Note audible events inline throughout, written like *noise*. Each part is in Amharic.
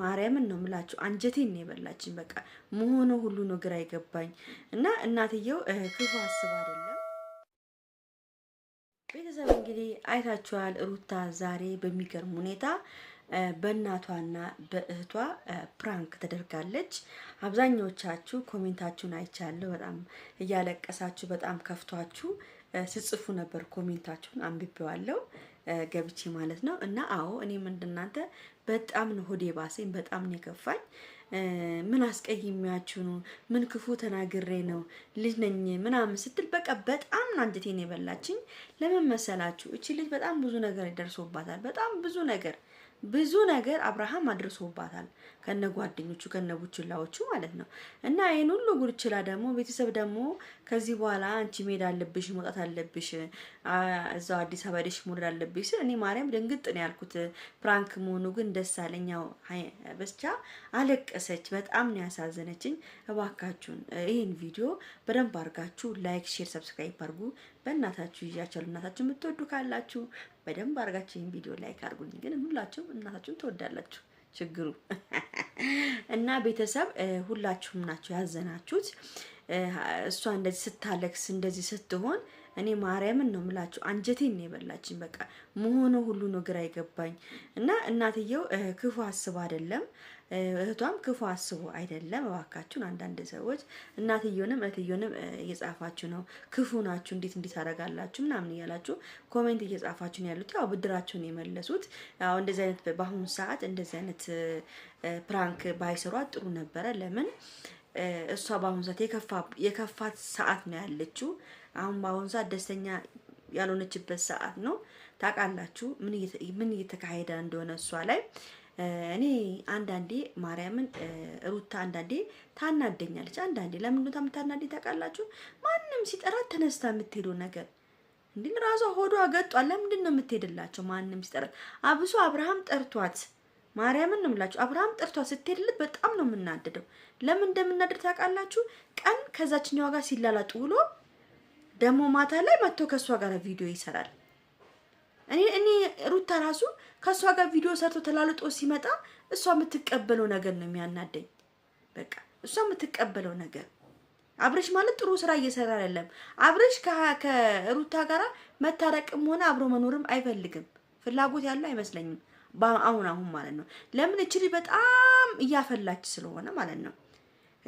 ማርያምን ነው ምላችሁ አንጀቴን ነው የበላችኝ። በቃ መሆኑ ሁሉ ነው ግራ አይገባኝ እና እናትየው ክፉ አስብ አይደለም። ቤተሰብ እንግዲህ አይታችኋል። ሩታ ዛሬ በሚገርም ሁኔታ በእናቷና በእህቷ ፕራንክ ተደርጋለች። አብዛኛዎቻችሁ ኮሜንታችሁን አይቻለሁ። በጣም እያለቀሳችሁ በጣም ከፍቷችሁ ስጽፉ ነበር። ኮሜንታችሁን አንብቤዋለሁ። ገብቼ ማለት ነው። እና አዎ እኔም እንደናንተ በጣም ነው ሆዴ ባሰኝ፣ በጣም ነው የከፋኝ። ምን አስቀይሜያችሁ ነው? ምን ክፉ ተናግሬ ነው? ልጅ ነኝ ምናምን ስትል በቃ በጣም ነው አንጀቴን የበላችኝ። ለምን መሰላችሁ? እቺ ልጅ በጣም ብዙ ነገር ይደርሶባታል። በጣም ብዙ ነገር ብዙ ነገር አብርሃም አድርሶባታል፣ ከነ ጓደኞቹ ከነ ቡችላዎቹ ማለት ነው። እና ይህን ሁሉ ጉድ ችላ ደግሞ ቤተሰብ ደግሞ ከዚህ በኋላ አንቺ መሄድ አለብሽ፣ መውጣት አለብሽ፣ እዛው አዲስ አበባ ደሽ መውለድ አለብሽ ስል እኔ ማርያም ድንግጥ ነው ያልኩት። ፕራንክ መሆኑ ግን ደስ አለኛው። በስቻ አለቀሰች። በጣም ነው ያሳዘነችኝ። እባካችሁን ይህን ቪዲዮ በደንብ አድርጋችሁ ላይክ፣ ሼር፣ ሰብስክራይብ አድርጉ። በእናታችሁ ይዣችኋለሁ። እናታችሁ የምትወዱ ካላችሁ በደንብ አድርጋችሁ ይህን ቪዲዮ ላይክ አድርጉኝ። ግን ሁላችሁም እናታችሁን ትወዳላችሁ ችግሩ *laughs* እና ቤተሰብ ሁላችሁም ናችሁ ያዘናችሁት። እሷ እንደዚህ ስታለቅስ እንደዚህ ስትሆን እኔ ማርያምን ነው የምላችሁ፣ አንጀቴን ነው የበላችኝ። በቃ መሆኑ ሁሉ ነው ግራ የገባኝ እና እናትየው ክፉ አስብ አይደለም እህቷም ክፉ አስቦ አይደለም። እባካችሁን አንዳንድ ሰዎች እናትየውንም እህትየንም እየጻፋችሁ ነው፣ ክፉ ናችሁ፣ እንዴት እንዲታረጋላችሁ ታደርጋላችሁ ምናምን እያላችሁ ኮሜንት እየጻፋችሁ ነው ያሉት። ያው ብድራቸውን የመለሱት ያው እንደዚህ አይነት በአሁኑ ሰዓት እንደዚህ አይነት ፕራንክ ባይሰሯት ጥሩ ነበረ። ለምን እሷ በአሁኑ ሰዓት የከፋት ሰዓት ነው ያለችው። አሁን በአሁኑ ሰዓት ደስተኛ ያልሆነችበት ሰዓት ነው። ታውቃላችሁ ምን እየተካሄደ እንደሆነ እሷ ላይ እኔ አንዳንዴ ማርያምን ሩታ አንዳንዴ ታናደኛለች። አንዳንዴ ለምን ነው ታምታናዴ ታውቃላችሁ? ማንም ሲጠራት ተነስታ የምትሄደው ነገር እንዲህ ራሷ ሆዷ ገጧል። ለምንድን ነው የምትሄድላቸው? ማንም ሲጠራት አብሶ አብርሃም ጠርቷት ማርያምን ነው የምላችሁ። አብርሃም ጠርቷት ስትሄድለት በጣም ነው የምናደደው። ለምን እንደምናደድ ታውቃላችሁ? ቀን ከዛችኛዋ ጋር ሲላላጡ ውሎ ደግሞ ማታ ላይ መጥቶ ከእሷ ጋር ቪዲዮ ይሰራል። እኔ እኔ ሩታ ራሱ ከእሷ ጋር ቪዲዮ ሰርቶ ተላልጦ ሲመጣ እሷ የምትቀበለው ነገር ነው የሚያናደኝ። በቃ እሷ የምትቀበለው ነገር አብረሽ ማለት ጥሩ ስራ እየሰራ አይደለም። አብረሽ ከሩታ ጋር መታረቅም ሆነ አብሮ መኖርም አይፈልግም። ፍላጎት ያለው አይመስለኝም። አሁን አሁን ማለት ነው። ለምን እችሪ በጣም እያፈላች ስለሆነ ማለት ነው።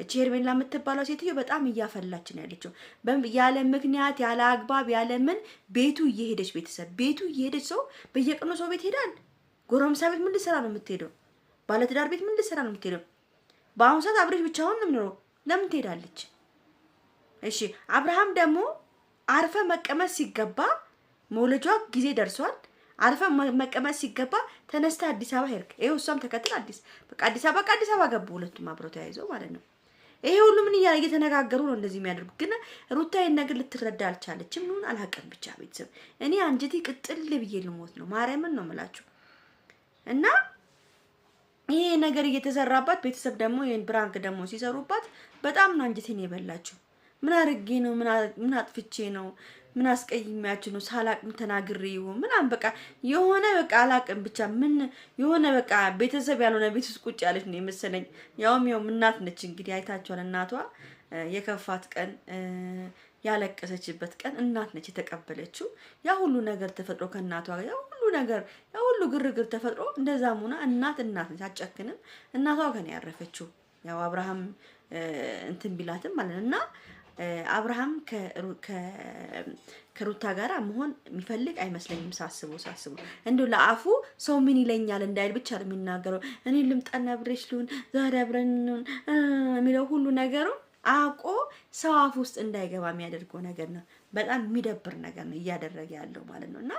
እቺ ሄርሜላ የምትባለው ሴትዮ በጣም እያፈላች ነው ያለችው። ያለ ምክንያት ያለ አግባብ ያለ ምን ቤቱ እየሄደች ቤተሰብ ቤቱ እየሄደች ሰው በየቀኑ ሰው ቤት ሄዳል። ጎረምሳ ቤት ምን ልሰራ ነው የምትሄደው? ባለትዳር ቤት ምን ልሰራ ነው የምትሄደው? በአሁኑ ሰዓት አብረሽ ብቻውን ነው የምኖረው። ለምን ትሄዳለች? እሺ አብርሃም ደግሞ አርፈ መቀመጥ ሲገባ መውለጇ ጊዜ ደርሷል። አርፈ መቀመጥ ሲገባ ተነስተ አዲስ አበባ ሄድክ። ይኸው እሷም ተከትል አዲስ በቃ አዲስ አበባ ከአዲስ አበባ ገቡ። ሁለቱም አብረው ተያይዘው ማለት ነው። ይሄ ሁሉ ምን እያለ እየተነጋገሩ ነው እንደዚህ የሚያደርጉት። ግን ሩታ ይሄን ነገር ልትረዳ አልቻለችም። ምን አላቀም ብቻ ቤተሰብ እኔ አንጀቴ ቅጥል ብዬ ልሞት ነው። ማርያምን ነው የምላችሁ እና ይሄ ነገር እየተሰራባት ቤተሰብ ደግሞ ይሄን ብራንክ ደግሞ ሲሰሩባት በጣም ነው አንጀቴን የበላችሁ። ምን አርጌ ነው? ምን አጥፍቼ ነው? ምን አስቀይሜያችሁ ነው? ሳላቅም ተናግሬ ይሁን ምናምን በቃ የሆነ በቃ አላቅም ብቻ ምን የሆነ በቃ ቤተሰብ ያልሆነ ቤት ውስጥ ቁጭ ያለች ነው የመሰለኝ። ያውም ያውም እናት ነች እንግዲህ አይታችኋል። እናቷ የከፋት ቀን ያለቀሰችበት ቀን እናት ነች የተቀበለችው። ያ ሁሉ ነገር ተፈጥሮ ከእናቷ ያ ሁሉ ነገር ያ ሁሉ ግርግር ተፈጥሮ እንደዛ ሙና እናት እናት ነች አጨክንም። እናቷ ገና ያረፈችው ያው አብርሃም እንትን ቢላትም ማለት ነው እና አብርሃም ከሩታ ጋር መሆን የሚፈልግ አይመስለኝም። ሳስቦ ሳስቦ እንዲሁ ለአፉ ሰው ምን ይለኛል እንዳይል ብቻ ነው የሚናገረው። እኔ ልምጣና አብሬሽ ልሁን ዛሬ አብረን የሚለው ሁሉ ነገሩ አውቆ ሰው አፍ ውስጥ እንዳይገባ የሚያደርገው ነገር ነው። በጣም የሚደብር ነገር ነው እያደረገ ያለው ማለት ነው። እና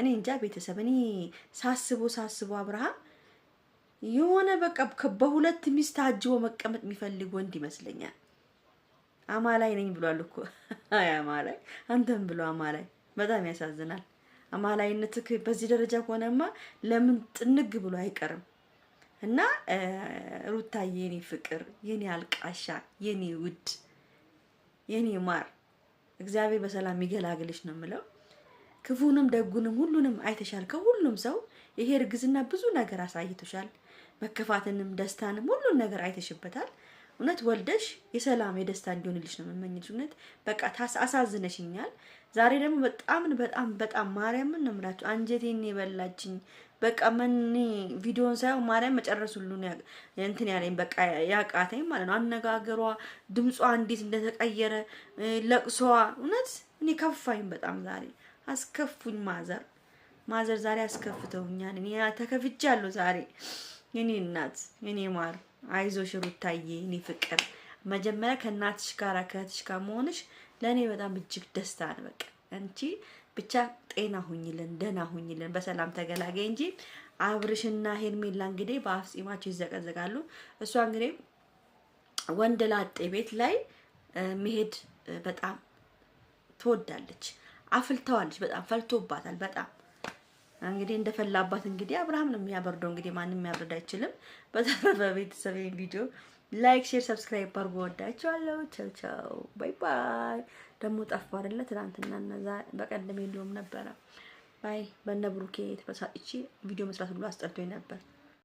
እኔ እንጃ ቤተሰብ፣ እኔ ሳስቦ ሳስቦ አብርሃም የሆነ በቃ በሁለት ሚስት አጅቦ መቀመጥ የሚፈልግ ወንድ ይመስለኛል። አማላይ ነኝ ብሏል እኮ። *laughs* አይ አማላይ አንተም ብሎ አማላይ። በጣም ያሳዝናል። አማላይነትህ በዚህ ደረጃ ከሆነማ ለምን ጥንግ ብሎ አይቀርም። እና ሩታ የኔ ፍቅር፣ የኔ አልቃሻ፣ የኔ ውድ፣ የኔ ማር እግዚአብሔር በሰላም ይገላግልሽ ነው የምለው። ክፉንም ደጉንም ሁሉንም አይተሻል። ከሁሉም ሰው ይሄ እርግዝና ብዙ ነገር አሳይቶሻል። መከፋትንም ደስታንም ሁሉን ነገር አይተሽበታል። እውነት ወልደሽ የሰላም የደስታ እንዲሆንልሽ ነው የምመኝልሽ። እውነት በቃ አሳዝነሽኛል። ዛሬ ደግሞ በጣም በጣም በጣም ማርያምን ነው የምላችሁ፣ አንጀቴን የበላችኝ በቃ መን ቪዲዮን ሳይሆን ማርያም መጨረሱ ሁሉ እንትን ያለኝ በቃ ያቃተኝ ማለት ነው። አነጋገሯ፣ ድምጿ እንዴት እንደተቀየረ ለቅሷ፣ እውነት እኔ ከፋኝ በጣም ዛሬ አስከፉኝ። ማዘር ማዘር ዛሬ አስከፍተውኛል። እኔ ተከፍቻለሁ ዛሬ የኔ እናት የኔ ማር አይዞሽ ሩታዬ፣ እኔ ፍቅር መጀመሪያ ከእናትሽ ጋር ከእህትሽ ጋር መሆንሽ ለእኔ በጣም እጅግ ደስታ ነው። በቃ አንቺ ብቻ ጤና ሁኝልን፣ ደህና ሁኝልን፣ በሰላም ተገላገይ እንጂ አብርሽና ሄርሜላ እንግዲህ በአፍ ጺማቸው ይዘቀዘቃሉ። እሷ እንግዲህ ወንድ ላጤ ቤት ላይ መሄድ በጣም ትወዳለች። አፍልተዋለች። በጣም ፈልቶባታል። በጣም እንግዲህ እንደፈላባት እንግዲህ አብርሃም ነው የሚያበርደው። እንግዲህ ማንም የሚያበርድ አይችልም። በተረፈ ቤተሰብ ቪዲዮ ላይክ፣ ሼር፣ ሰብስክራይብ አድርጎ ወዳችኋለሁ። ቻው ቻው፣ ባይ ባይ። ደግሞ ጠፋ አይደለ? ትናንትና እነዛ በቀደም የለውም ነበረ። ባይ በነ ብሩኬ ተበሳጭቼ ቪዲዮ መስራት ሁሉ አስጠልቶኝ ነበር።